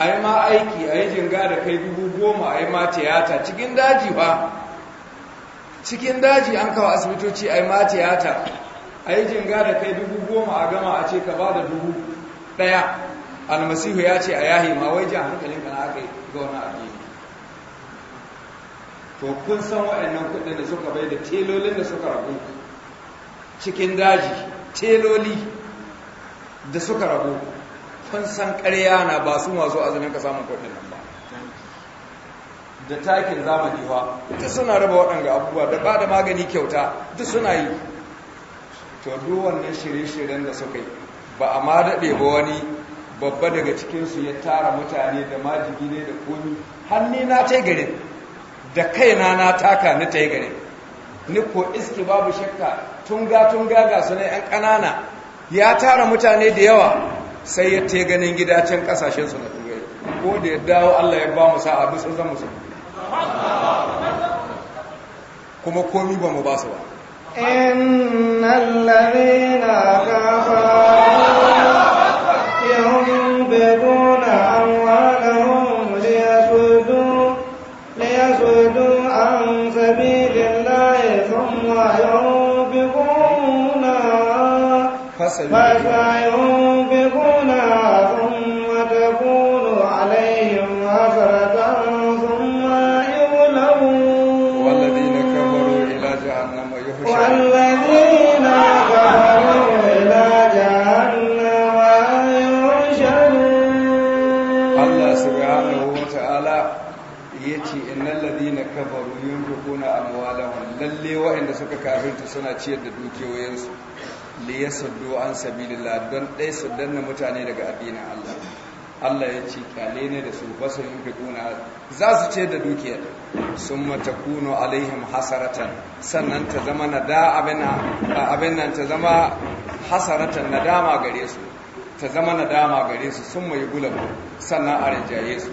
a yi ma aiki a yi jinga da kai dubu goma a yi ma tiyata cikin daji ba cikin daji an kawo asibitoci a yi ma tiyata a yi jinga da kai dubu goma a gama a ce ka ba da dubu ɗaya almasihu ya ce a yahi ma wai jan hankalin na aka ga wani abu to kun san waɗannan kuɗin da suka bai da telolin da suka rabu cikin daji teloli da suka rabu kun san ƙarya na ba su masu azumin ka samun kuɗin nan ba da takin zamani ba duk suna raba waɗanga abubuwa da ba da magani kyauta duk suna yi to duk wannan shirye-shiryen da suka yi ba a ma daɗe ba wani babba daga cikinsu ya tara mutane da majigi ne da komi hannu na ta da kaina na taka ni ta garin ni ko iski babu shakka tunga tunga ga su 'yan ƙanana ya tara mutane da yawa sai ya te ganin gidacen kasashen su na turai ko da ya dawo Allah ya ba mu sa'a duk sun zama su kuma komi ba mu ba su ba innal ladina kafaru yunbiduna amwalahum liyasudu liyasudu an sabilillahi thumma yunbiduna fasayunbiduna kafinta suna ciyar da dukiyoyinsu li do'an an sabilillah don ɗai su danna mutane daga addinin Allah Allah ya ce kyale ne da su basu yunfiquna za su ce da dukiyar mata kuno alaihim hasaratan sannan ta zama da abin nan ta zama hasaratan nadama gare su ta zama nadama gare su sun mai gulabu sannan a rinjaye su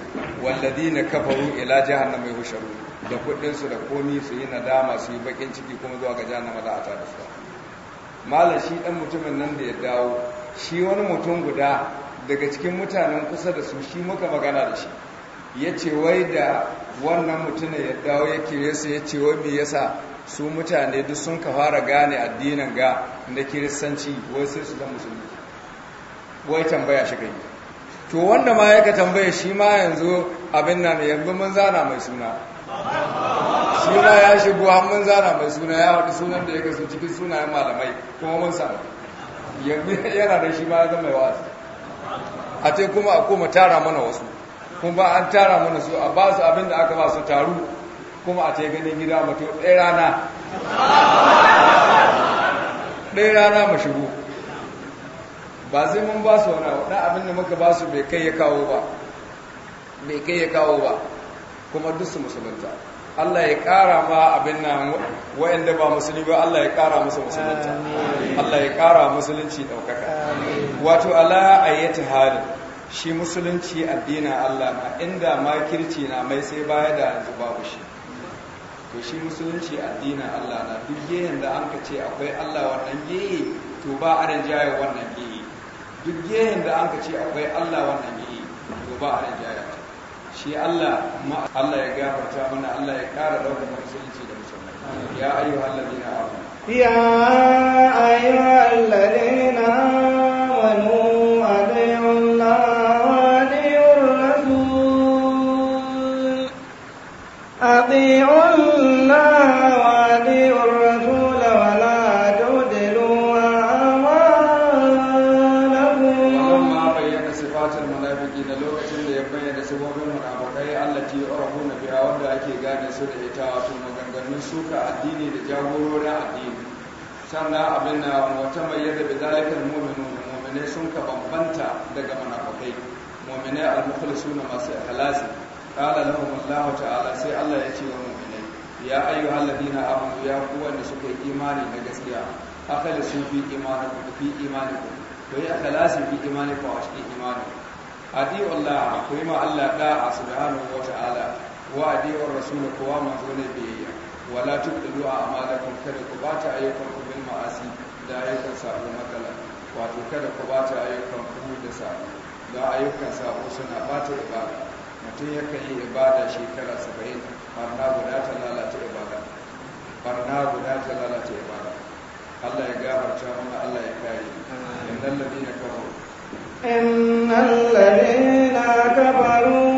na kafaru ila jihar na mai yuhsharun da su da komi su yi nadama su yi bakin ciki kuma zuwa ga jahannama za a tada su malam shi dan mutumin nan da ya dawo shi wani mutum guda daga cikin mutanen kusa da su shi muka magana da shi ya ce wai da wannan mutumin ya dawo ya kiresa ya ce wai ya yasa su mutane duk sun ka fara gane addinin ga na kiristanci wai sai su zan musulmi wai tambaya shi kai to wanda ma ya ka tambaya shi ma yanzu abin nan yanzu mun zana mai suna suna ya shigo har mun zana mai suna ya wata sunan da ya kasu cikin sunayen malamai kuma mun samu yana da shi ma zama yawa a te kuma a koma tara mana wasu kuma an tara mana su a ba su abin da aka ba su taru kuma a te ganin gida mato ɗaya rana ɗaya rana mu shigo ba zai mun ba su wani abin da muka ba su bai kai ya kawo ba bai kai ya kawo ba kuma duk su musulunta Allah ya ƙara ma abin nan wa'anda ba musulmi ba Allah ya ƙara musu musulunta Allah ya ƙara musulunci ɗaukaka wato ala ayyati halin shi musulunci addinin Allah na inda makirci na mai sai baya da yanzu babu shi to shi musulunci addinin Allah na duk gehen da an ka ce akwai Allah wannan gehe to ba a jaya wannan gehe duk gehen da an ka ce akwai Allah wannan gehe to ba a jaya shi Allah ma Allah ya gafarta mana Allah ya kara daukar musulunci da musulmai ya ayyuhal ladina amanu ya ayyuhal ladina amanu أطيعوا الله وأطيعوا sannan abin na wata mai yadda bi zalikal mu'minun mu'mine sun ka bambanta daga munafikai mu'mine al-mukhlisuna masu ikhlasi qala lahum Allah ta'ala sai Allah ya ce wa mu'mine ya ayyuhal ladina amanu ya ku wanda suka yi imani na gaskiya sun fi imanikum fi imanikum to ya ikhlasi fi imanikum a cikin imanikum adiyu Allah ku yi ma Allah da'a subhanahu wa ta'ala wa adiyu rasul wa manzo ne biyayya wala da zuwa tuqdu a'malakum kada ku ba ta ayyukan ku bil ma'asi da ayyukan sabo makala wato kada ku ba ta ayyukan ku da sabo da ayyukan sabo suna ba ta ibada mutum yakan yi ibada shekara saba'in barna guda ta lalata ibada barna guda ta lalata ibada Allah ya gafarta mana Allah ya kare innal ladina kafaru innal ladina kafaru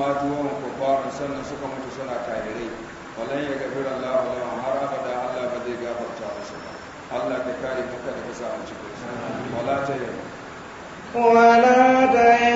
matu wa kufarin sannan suka mutu suna kafirai walan ya gafir Allah lahum har abada Allah ba zai gafarta musu Allah ka kare muka da kasa a cikin wala ta yi wala ta yi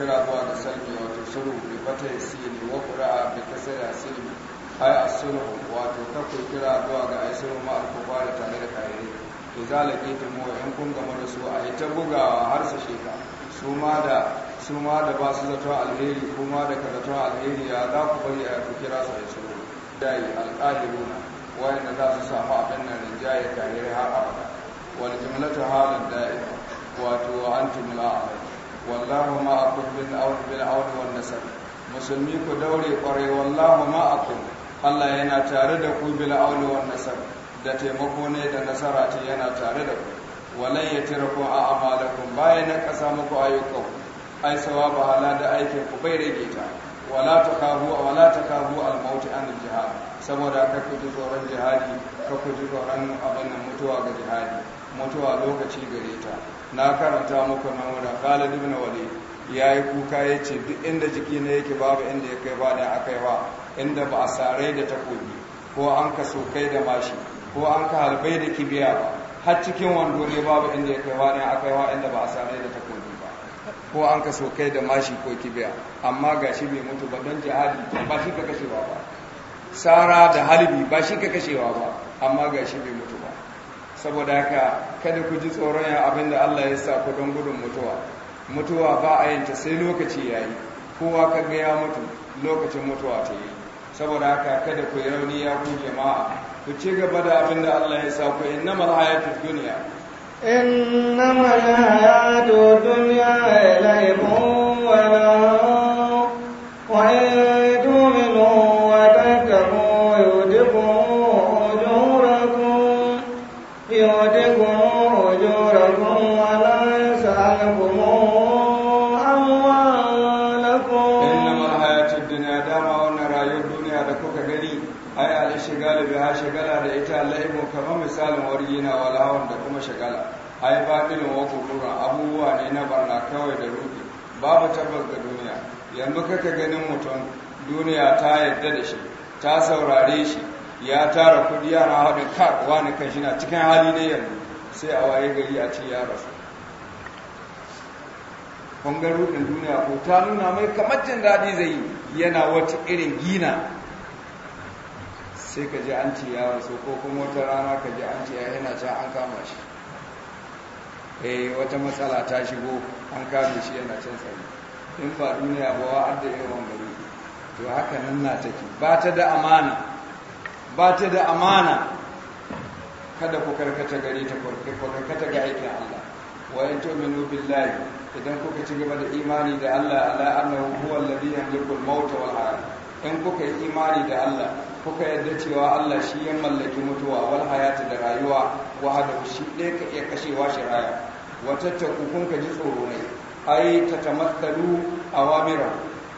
kira zuwa da sarki wato sulhu bi fata yasini wa qura'a bi kasra yasini ai as-sulhu wato ta kai kira zuwa ga ai sulhu ma al da tare da kafirai to zalake ta mu in kun gama da su ai ta bugawa har su sheka su ma da su ma da ba su zato alheri ko ma da ka zato alheri ya za ku bari a ku kira su ai sulhu dai al-qahiruna wayanda za su samu abin nan rinjaye kafirai har abada wani jumlatu halin da'ima wato antum a wallahu ma'akum bil auni bil auni wal nasab musulmi ku daure kware wallahu ma'akum Allah yana tare da ku bil auni wal nasab da taimako ne da nasara ce yana tare da ku walan yatirku a amalakum baya na kasa muku ayyukan ai sawaba hala da aikin ku bai rage ta wala takahu wala takahu al maut an al jihad saboda ka ku ji tsoron jihadi ka ku ji tsoron abin mutuwa ga jihadi mutuwa lokaci gare ta na karanta muku nan kala Khalid ibn ya yi kuka ya ce duk inda jiki na yake babu inda ya kai ba da aka yi wa inda ba a sare da takobi ko an ka sokai da mashi ko an ka halbai da kibiya ba har cikin wando ne babu inda ya kai ba da aka yi wa inda ba a sare da takobi ba ko an ka sokai da mashi ko kibiya amma ga shi bai mutu ba don jihadi ba shi ka kashewa ba sara da halibi ba shi ka kashewa ba amma ga shi bai mutu saboda haka kada ku ji tsoron ya abin da Allah ya sa ku don gudun mutuwa mutuwa ba a yanta sai lokaci ya yi kowa kaga ya mutu lokacin mutuwa ta yi saboda haka kada ku yi rauni ya ku jama'a ku ci gaba da abin da Allah ya sa ku mal hayatud dunya mal hayatud dunya laibun wa wa kuka gani ai ala shigala ha shigala da ita laimu kamar misalin wargina wal hawan da kuma shigala ai batilin wa abubuwa ne na barna kawai da rufi babu tabbas ga duniya yanzu kaka ganin mutum duniya ta yadda da shi ta saurare shi ya tara kudi yana haɗin kar wani kan shi na cikin hali ne yanzu sai a waye gari a ce ya rasu kun duniya ko ta nuna mai kamar jin daɗi zai yi yana wata irin gina sai ka ji an ci ya rasu ko kuma wata rana ka ji an ciya, ya yana can an kama shi eh wata matsala ta shigo an kame shi yana can tsari in ba duniya ba wa'ad da yawan gari to haka nan na take ba ta da amana ba ta da amana kada ku karkata gari ta karkata ga aikin Allah wa in tu'minu billahi idan kuka ci gaba da imani da Allah ala annahu huwa alladhi yamliku al-mauta wal hayat in kuka yi imani da Allah kuka yarda cewa Allah shi ya mallaki mutuwa wal hayata da rayuwa hada shi ɗaya ka iya kashewa shi raya wata ta kun ka ji tsoro ne ai ta tamatsalu awamira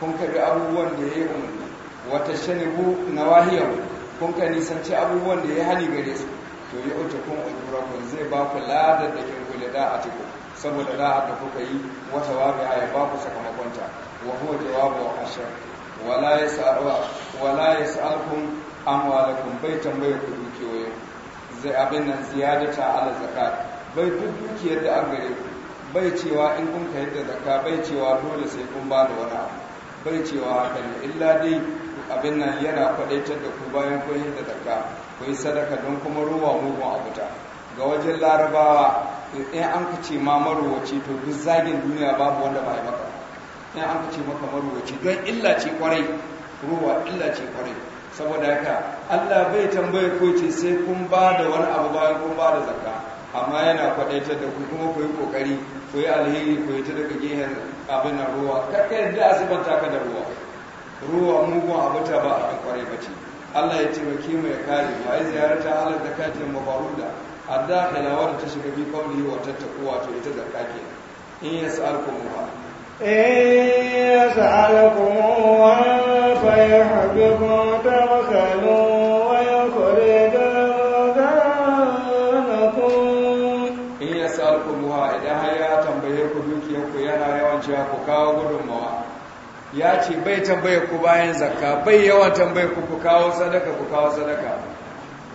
kun ka bi abubuwan da ya yi umarni wata shanibu nawahiyar kun ka nisanci abubuwan da ya hali gare su to ya uta kun ujurakun zai ba ku ladar da kin kula da a teku saboda da da kuka yi wata wabi ya ba ku sakamakonta wa huwa jawabu ashar wala ya yas'alwa wala yas'alkum amwalakum bai tambaye ku dukiyoyi zai abin nan ziyadata ala zakat bai duk dukiyar da an gare ku bai cewa in kun kai da zakka bai cewa dole sai kun ba da wani abu bai cewa haka ne illa dai abin nan yana kwadaitar da ku bayan kun yi da zakka ku yi sadaka don kuma ruwa mugun abuta ga wajen larabawa in an kace ma marowaci to duk zagin duniya babu wanda ba ya maka sai an ce maka maruwaci don illa ce kwarai ruwa illa ce kwarai saboda haka Allah bai tambaye ko ce sai kun ba da wani abu bayan kun ba da zakka amma yana kwadaitar da ku kuma ku yi kokari ku yi alheri ku yi ta daga gehen abin na ruwa kakka yadda asibanta ka da ruwa ruwa mugun abu ta ba a kwarai ba ce Allah ya ce mu ya kare mu ai ziyarta halar zakatin da adda kala ta shiga bi yi wa tattaku wato ita zakka ke in yas'alkum ba إن فيحبكم تبخلوا ويخرج أذانكم إن يسألكموها إذا هيا تنبهيكم دوكيكم يانا يوان جاكو كاو ya ce bai tambaye ku bayan zakka bai yawan tambaye ku ku kawo sadaka ku kawo sadaka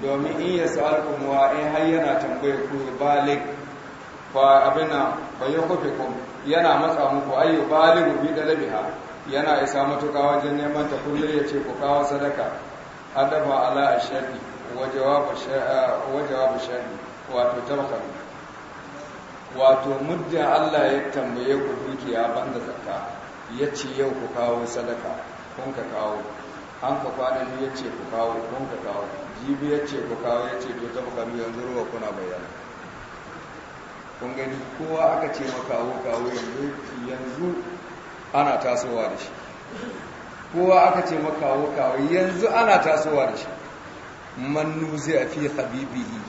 domin in ya sa'alkum wa in har yana tambaye ku balik fa abina bayan kofe kuma yana matsa muku ayyu baligu bi dalabiha yana isa matuƙa wajen neman ta kullum ya ce ku kawo sadaka adaba ala ashadi wa jawabu wa jawabu shari wato tabakar wato muddin Allah ya tambaye ku dukiya banda zakka ya ce yau ku kawo sadaka kun ka kawo an ka kwana ne ya ce ku kawo kun ka kawo jibi ya ce ku kawo ya ce to tabakar yanzu ruwa kuna bayyana kun gani kowa aka ce makawo kawo yanzu yanzu ana tasowa da shi kowa aka ce makawo kawo yanzu ana tasowa da shi mannu zai a fi habibihi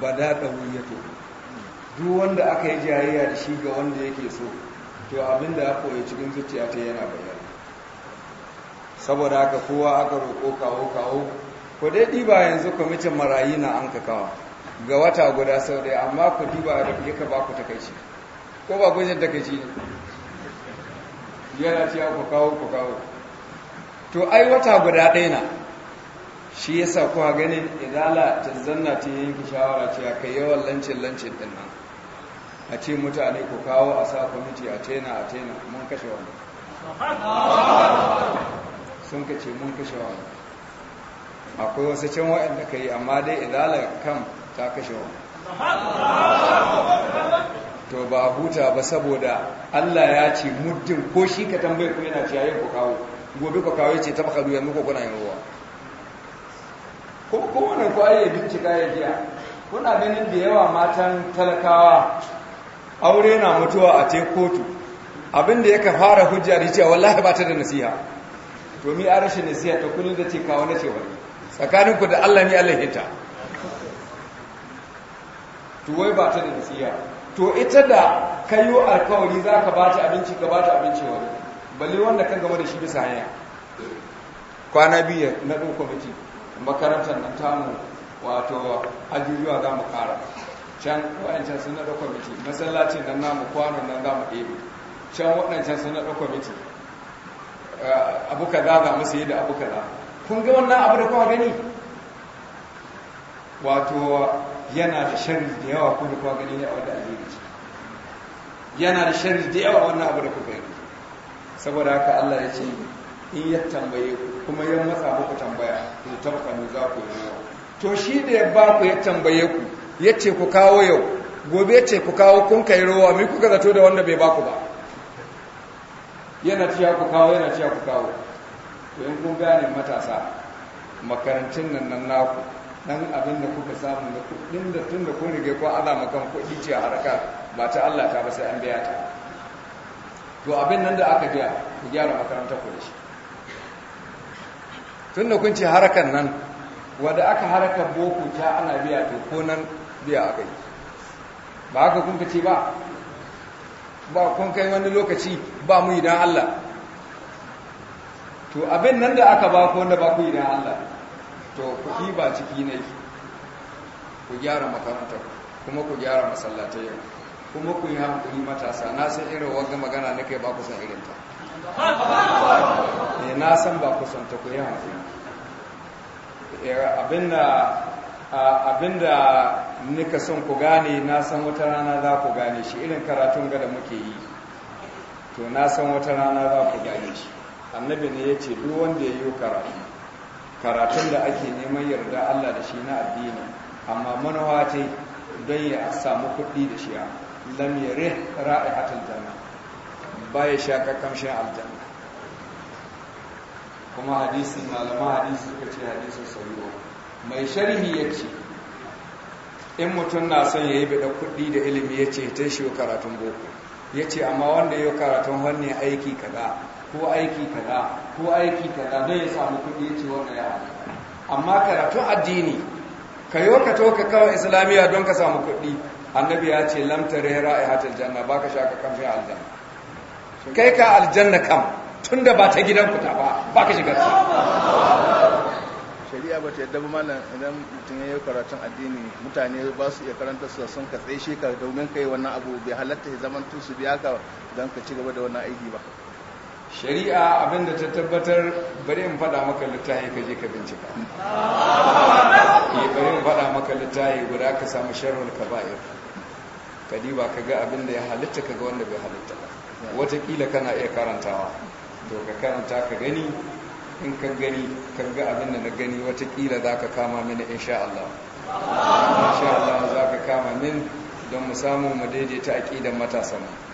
ba daɗa wuyato duk wanda aka yi jayayya da shi ga wanda yake so to abinda ya koya cikin zuciya ta yana bayyana saboda aka kowa aka roƙo kawo kawo ku ba yanzu kwamitin marayi na an kakawa kawo ga wata guda sau ɗaya amma ku duba da ka ba ku takaici ko ba gujin takaici ne yana cewa ku kawo ku kawo to ai wata guda ɗaya na shi ya sa kuwa ganin idala ta zanna ta yanki shawara ce a kai yawan lancin lancin din nan a ce mutane ku kawo a sa kwamiti a tena a tena mun kashe wani sun kace mun kashe wani akwai wasu can waɗanda ka yi amma dai idala kan ta kashe wa to ba huta ba saboda Allah ya ce muddin ko shi ka tambaye ku yana ciyayen ku kawo gobe ku kawo ce ta kaduwa muku kuna yin ruwa ko kowane kwaye ya bincika ya jiya kuna ganin da yawa matan talakawa aure na mutuwa a te kotu abinda yaka fara hujja da cewa wallahi ba ta da nasiha to mi a rashin nasiha ta kullum da ce kawo na cewa tsakaninku da Allah ni Allah hita to wai ba ta da nasiya to ita da kayo alkawari za ka ba ta abinci ka ba ta abinci wani balle wanda kan gama da shi bisa hanya kwana biya na ɗin kwamiti makarantar nan ta mu wato ajujuwa za mu ƙara can waɗancan sun naɗa kwamiti masallacin nan namu kwanon nan za mu ɗebe can waɗancan sun naɗa kwamiti eh, abu ka za mu sayi da abu kaza kun ga wannan abu da kuma gani wato yana da sharri da yawa ko da kuwa gani ne a wanda alheri ce yana da sharri da yawa wannan abu da kuka yi saboda haka Allah ya ce in ya tambaye ku kuma ya matsa muku tambaya ku tabbatar za ku yi to shi da ya ba ku ya tambaye ku ya ce ku kawo yau gobe ya ce ku kawo kun kai rowa mai kuka zato da wanda bai ba ku ba yana ciya ku kawo yana ciya ku kawo to in kun gane matasa makarantun nan nan naku dan abin da kuka samu da kudin da tun da kun rige ko azama makan kudi ce haraka ba ta Allah ta ba sai an biya ta to abin nan da aka biya ku gyara makaranta ku da shi tun da kun ce harakan nan wanda aka haraka boko ta ana biya to ko nan biya aka yi ba haka kun ce ba ba kun kai wani lokaci ba mu idan Allah to abin nan da aka ba ko wanda ba ku idan Allah to ku ba ciki ne ku gyara makaranta kuma ku gyara masallatai kuma ku yi hankali matasa na san irin wanda magana na kai ba ku san irin ta ne eh, na san ba ku san ta ku yi hankali eh, abinda abinda nika son ku gane na san wata rana za ku gane shi irin karatun ga da muke yi to na san wata rana za ku gane shi annabi ne ya ce duk wanda ya yi karatu karatun da ake neman yarda Allah da shi na addini amma manawa ce don ya samu kuɗi da shi lam ra'ayi ra'ihatul janna baya sha kakamshin aljanna kuma hadisi malama hadisi suka ce hadisin sahihu mai sharhi ce. in mutum na son ya yi bada kuɗi da ilimi ya ce, ta shi karatun boko Ya ce amma wanda ya yi karatun hannun aiki kaza ko aiki kaza ko aiki kaza don ya samu kuɗi ya ce wannan ya amma karatun addini ka yi ka to ka kawo islamiyya don ka samu kuɗi annabi ya ce ra'ayi ra'ihatul janna ka sha ka kamfe aljanna kai ka aljanna kam tun da ba ta gidan kuta ba ba ka shiga ta shari'a ba ta yadda ba mana idan mutum ya yi karatun addini mutane ba su iya karanta su sun ka tsaye shekar domin kai wannan abu bai halatta ya zaman su biya ka don ka ci gaba da wannan aiki ba shari'a abinda ta tabbatar bari in faɗa maka littahi ka je ka bincika eh, bari in faɗa maka littahi guda ka samu ka kaba'ir ka diba ka ga abinda ya halitta ka ga wanda bai halitta watakila kana iya karantawa to ka karanta ka gani in ka gani ka ga abinda na gani watakila za ka kama mini insha Allah insha Allah za ka kama min don mu samu mu daidaita aƙidan matasanmu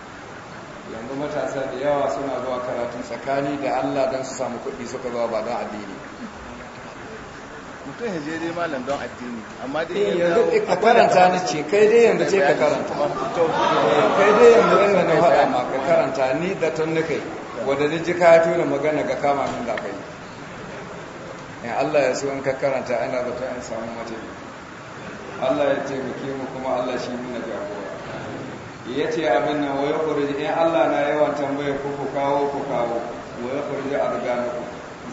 yanzu matasa da yawa suna zuwa karatun tsakani da allah don su samu kuɗi suka zuwa ba don addini mutum ya je dai malam don addini amma dai eh, yanzu ka karanta ni ce kai dai yanzu ce ka karanta eh, kai dai yanzu zai na haɗa ma ka karanta ni da tun kai wadda ni ji ka tura magana ga kama min da kai in eh, allah ya so in ka karanta ina da tun in samu mace allah ya taimake mu kuma allah shi muna ga ya ce abin nan waya kurji in Allah na yawan tambaya ku ku kawo ku kawo waya kurji a riga ku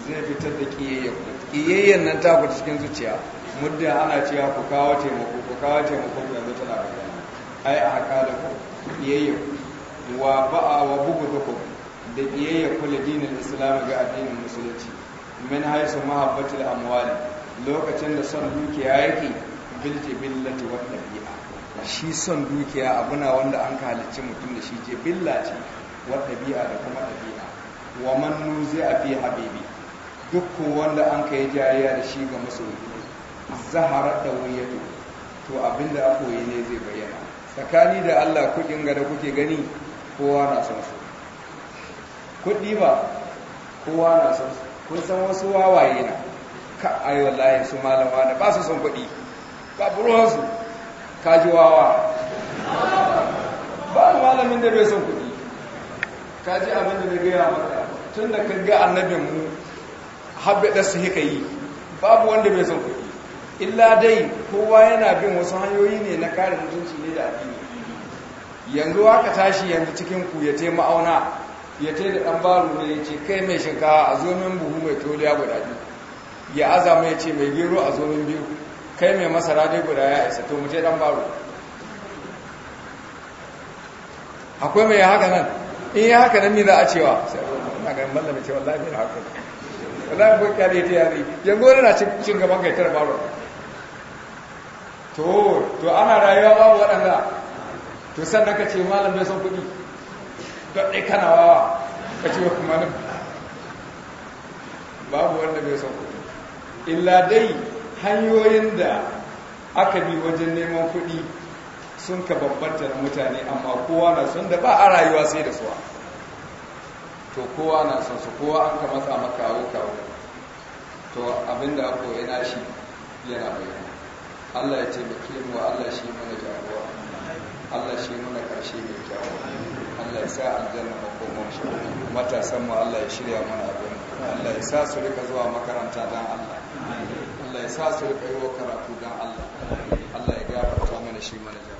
zai fitar da ku kiyayyan nan ta ku cikin zuciya muddin ana cewa ku kawo taimako ku kawo taimako yanzu tana da gani ai a haka da ku kiyayya wa ba'a wa bugu da ku da kiyayya ku da dinin islam ga addinin musulunci min haisu mahabbatul amwali lokacin da son dukiya yake bil billati wa tabi'a shi son dukiya abuna wanda an ka halicci mutum da shi je billa ce wa ɗabi'a da kuma ɗabi'a wa mannu zai a fi habibi duk wanda an ka yi jariya da shi ga masoyi zahara da wuyatu to abinda a koyi ne zai bayyana tsakani da allah kuɗin ga kuke gani kowa na son su kuɗi ba kowa na son su kun san wasu wawaye na ka wallahi su malama da ba su son kuɗi ba buruwansu kaji wawa ba malamin da bai son kuɗi kaji abin da gaya maka tun da ka ga annabinmu haɓe da su haka yi babu wanda bai son kuɗi illa dai kowa yana bin wasu hanyoyi ne na kare mutunci ne da addini yanzu haka tashi yanzu cikin ku ya te ma'auna ya te da ɗan baro ne ya ce kai mai shinkawa a zo buhu mai toliya guda biyu ya azama ya ce mai gero a zo min biyu kai mai masara dai guda ya isa to muje dan baro akwai mai haka nan in ya haka nan ni za a cewa na ga malla mai cewa lafi na haka wallahi ko kare ta yari yanzu wani na cin gaban kai tara baro to to ana rayuwa babu waɗanda to sannan ka ce malam bai son kuɗi don ɗai kana wawa ka ce kuma nan. babu wanda bai son kuɗi illa dai hanyoyin da aka bi wajen neman kuɗi sun ka bambanta da mutane amma kowa na son da ba a rayuwa sai da suwa to kowa na son su kowa an ka matsa makawo kawo to abinda ko yana shi yana bayyana Allah ya ce da mu Allah shi mana jagowa Allah shi mana karshe mai kyawu Allah ya sa aljanna makomar shi matasan mu Allah ya shirya mana abin Allah ya sa su rika zuwa makaranta dan Allah Allah ya sa su riƙa yi wa karatu don Allah Allah ya gafarta mana shi mana